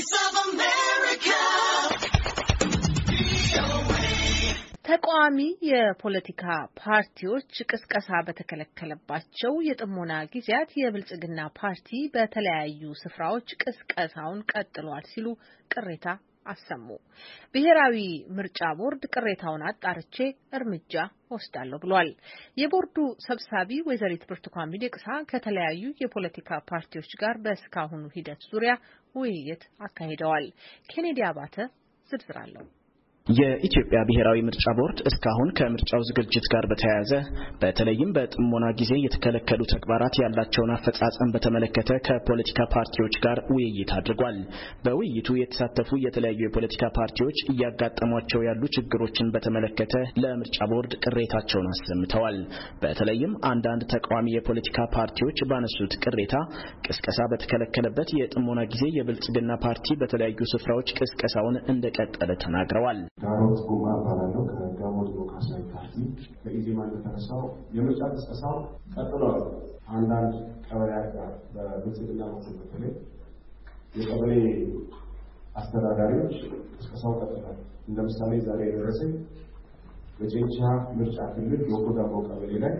voice of ተቃዋሚ የፖለቲካ ፓርቲዎች ቅስቀሳ በተከለከለባቸው የጥሞና ጊዜያት የብልጽግና ፓርቲ በተለያዩ ስፍራዎች ቅስቀሳውን ቀጥሏል ሲሉ ቅሬታ አሰሙ። ብሔራዊ ምርጫ ቦርድ ቅሬታውን አጣርቼ እርምጃ ወስዳለሁ ብሏል። የቦርዱ ሰብሳቢ ወይዘሪት ብርቱካን ሚደቅሳ ከተለያዩ የፖለቲካ ፓርቲዎች ጋር በእስካሁኑ ሂደት ዙሪያ ውይይት አካሂደዋል። ኬኔዲ አባተ ዝርዝር አለው። የኢትዮጵያ ብሔራዊ ምርጫ ቦርድ እስካሁን ከምርጫው ዝግጅት ጋር በተያያዘ በተለይም በጥሞና ጊዜ የተከለከሉ ተግባራት ያላቸውን አፈጻጸም በተመለከተ ከፖለቲካ ፓርቲዎች ጋር ውይይት አድርጓል። በውይይቱ የተሳተፉ የተለያዩ የፖለቲካ ፓርቲዎች እያጋጠሟቸው ያሉ ችግሮችን በተመለከተ ለምርጫ ቦርድ ቅሬታቸውን አሰምተዋል። በተለይም አንዳንድ ተቃዋሚ የፖለቲካ ፓርቲዎች ባነሱት ቅሬታ ቅስቀሳ በተከለከለበት የጥሞና ጊዜ የብልጽግና ፓርቲ በተለያዩ ስፍራዎች ቅስቀሳውን እንደቀጠለ ተናግረዋል። ዳሮት ጉማ እባላለሁ ከጋሞ ዲሞክራሲያዊ ፓርቲ በኢዜማ እንደተነሳው የምርጫ ቅስቀሳው ቀጥሏል። አንዳንድ ቀበሌ ጋር በብልጽግና በኩል በተለይ የቀበሌ አስተዳዳሪዎች ቅስቀሳው ቀጥሏል። እንደ ምሳሌ ዛሬ የደረሰኝ በጨንቻ ምርጫ ክልል ዶኮ ዳሞ ቀበሌ ላይ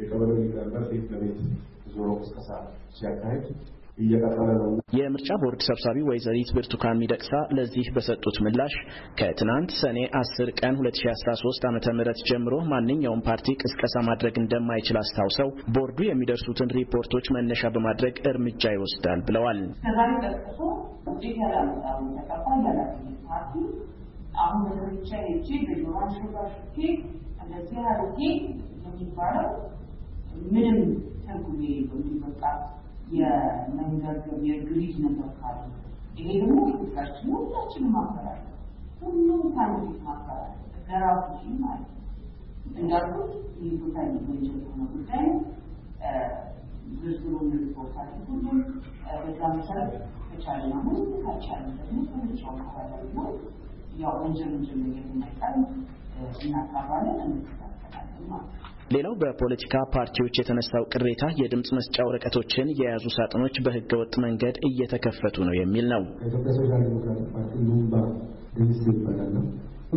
የቀበሌው ሊቀመንበር ቤት ለቤት ዞሮ ቅስቀሳ ሲያካሄድ እየቀጠለ ነው። የምርጫ ቦርድ ሰብሳቢ ወይዘሪት ብርቱካን ሚደቅሳ ለዚህ በሰጡት ምላሽ ከትናንት ሰኔ 10 ቀን 2013 ዓ ም ጀምሮ ማንኛውም ፓርቲ ቅስቀሳ ማድረግ እንደማይችል አስታውሰው ቦርዱ የሚደርሱትን ሪፖርቶች መነሻ በማድረግ እርምጃ ይወስዳል ብለዋል። አሁን ምንም በሚበቃ የመንገርገብ የግሪድ ነገር ካለ ይሄ ደግሞ ሁላችን ሁላችንም ማፈራለ ሁሉም ታንዲ ማፈራለ ከራሱ ሲ ማለት እንዳልኩ ይህ ቦታ ወንጀል የሆነ ጉዳይ ዝርዝሩን ሪፖርታል ሁሉም በዛ መሰረት ከቻለ ነው ካልቻለ ደግሞ ከብቻው ካለ ደግሞ ያው ወንጀል ወንጀል ነገር የማይቀር እናቃባለን እንከታተላለን ማለት ነው ሌላው በፖለቲካ ፓርቲዎች የተነሳው ቅሬታ የድምፅ መስጫ ወረቀቶችን የያዙ ሳጥኖች በህገወጥ መንገድ እየተከፈቱ ነው የሚል ነው። የኢትዮጵያ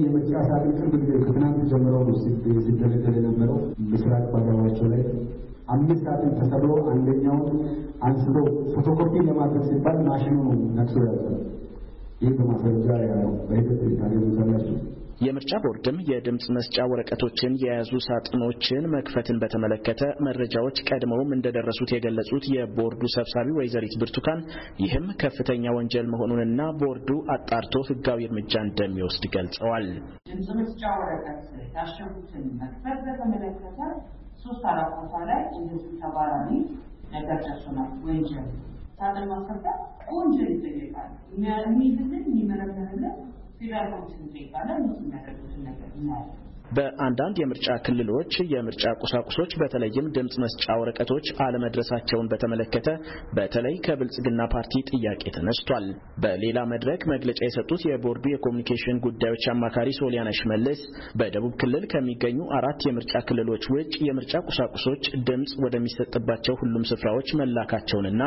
የምርጫ ሳጥን ቅርብ ጊዜ ከትናንት ጀምሮ የነበረው ምስራቅ ላይ አምስት ሳጥን ተሰብሮ አንደኛውን አንስቶ ፎቶኮፒ ለማድረግ ሲባል ማሽኑ ይህ በማስረጃ ያለው በሂደት የምርጫ ቦርድም የድምፅ መስጫ ወረቀቶችን የያዙ ሳጥኖችን መክፈትን በተመለከተ መረጃዎች ቀድመውም እንደደረሱት የገለጹት የቦርዱ ሰብሳቢ ወይዘሪት ብርቱካን ይህም ከፍተኛ ወንጀል መሆኑንና ቦርዱ አጣርቶ ሕጋዊ እርምጃ እንደሚወስድ ገልጸዋል። ድምፅ መስጫ ወረቀት ያሸጉትን መክፈት በተመለከተ ሶስት አራት ቦታ ላይ እንደዚህ ተባራሪ ነገር ደርሶናል። ወንጀል ሳጥን ማስከፈት ወንጀል ይጠየቃል። የሚይዝልን የሚመረምርልን ፌዴራል ኮሚሽን ጠይቃለን እነሱ የሚያደርጉትን ነገር እናያለን። በአንዳንድ የምርጫ ክልሎች የምርጫ ቁሳቁሶች በተለይም ድምፅ መስጫ ወረቀቶች አለመድረሳቸውን በተመለከተ በተለይ ከብልጽግና ፓርቲ ጥያቄ ተነስቷል። በሌላ መድረክ መግለጫ የሰጡት የቦርዱ የኮሚኒኬሽን ጉዳዮች አማካሪ ሶሊያና ሽመልስ በደቡብ ክልል ከሚገኙ አራት የምርጫ ክልሎች ውጭ የምርጫ ቁሳቁሶች ድምፅ ወደሚሰጥባቸው ሁሉም ስፍራዎች መላካቸውንና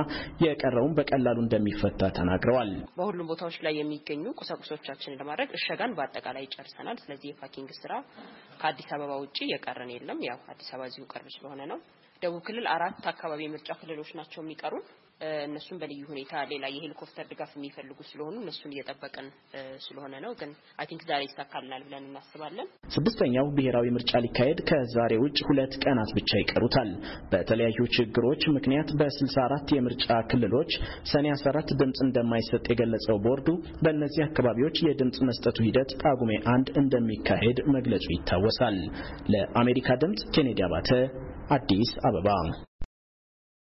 የቀረውን በቀላሉ እንደሚፈታ ተናግረዋል። በሁሉም ቦታዎች ላይ የሚገኙ ቁሳቁሶቻችንን ለማድረግ እሸጋን በአጠቃላይ ጨርሰናል። ስለዚህ የፓኪንግ ስራ ከአዲስ አበባ ውጪ የቀረን የለም። ያው አዲስ አበባ እዚሁ ቅርብ ስለሆነ ነው። ደቡብ ክልል አራት አካባቢ የምርጫ ክልሎች ናቸው የሚቀሩን። እነሱም በልዩ ሁኔታ ሌላ የሄሊኮፕተር ድጋፍ የሚፈልጉ ስለሆኑ እነሱን እየጠበቅን ስለሆነ ነው። ግን አይ ቲንክ ዛሬ ይሳካልናል ብለን እናስባለን። ስድስተኛው ብሔራዊ ምርጫ ሊካሄድ ከዛሬ ውጭ ሁለት ቀናት ብቻ ይቀሩታል። በተለያዩ ችግሮች ምክንያት በ64 የምርጫ ክልሎች ሰኔ 14 ድምፅ እንደማይሰጥ የገለጸው ቦርዱ በእነዚህ አካባቢዎች የድምፅ መስጠቱ ሂደት ጳጉሜ አንድ እንደሚካሄድ መግለጹ ይታወሳል። ለአሜሪካ ድምፅ ኬኔዲ አባተ አዲስ አበባ